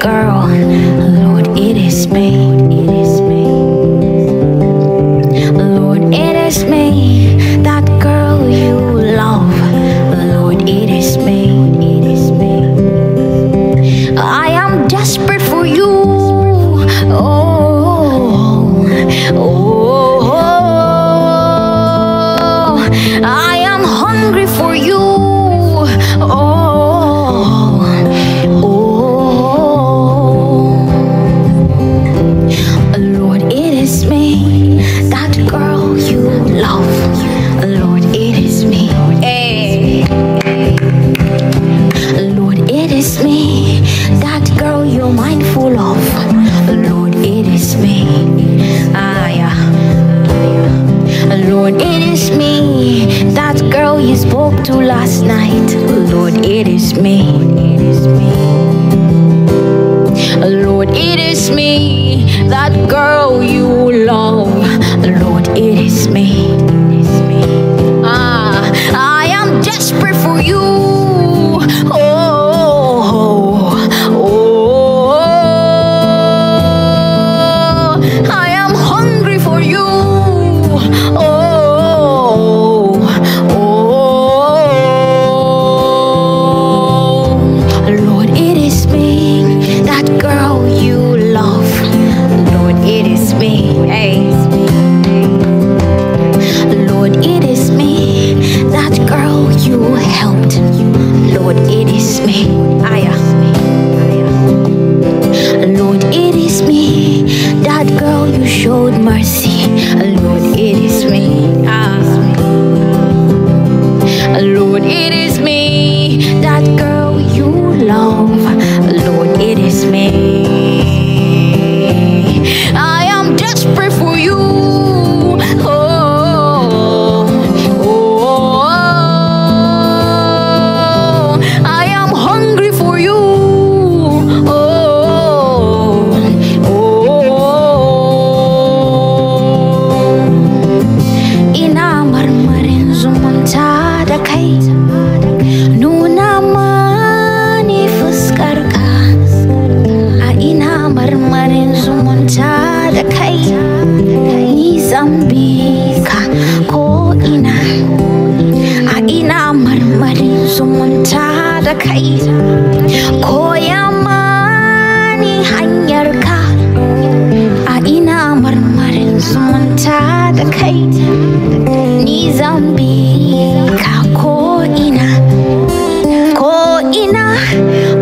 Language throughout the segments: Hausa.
girl, Lord, it is me. Lord, it is me, that girl you love. Lord, it is me. I am desperate for you. Oh, oh, oh. I am hungry for you. Lord, it is me, that girl you spoke to last night. Lord, it is me. Lord, it is me, that girl you love. mercy. zumunta da kai koya mani hanyar ka a ina marmarin zumunta da kai ni zan bi ka ko ina ko ina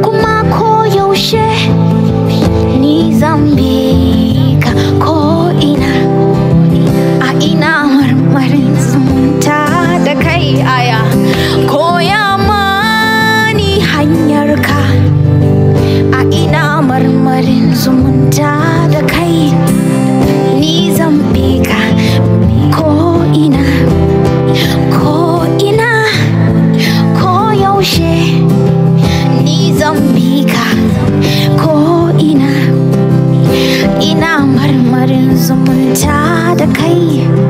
kuma ko yaushe ni zan bi zumunta da kai ni zan bi ka ko ina ko ina ko yaushe ni zan bi ka ko ina ina marmarin zumunta da kai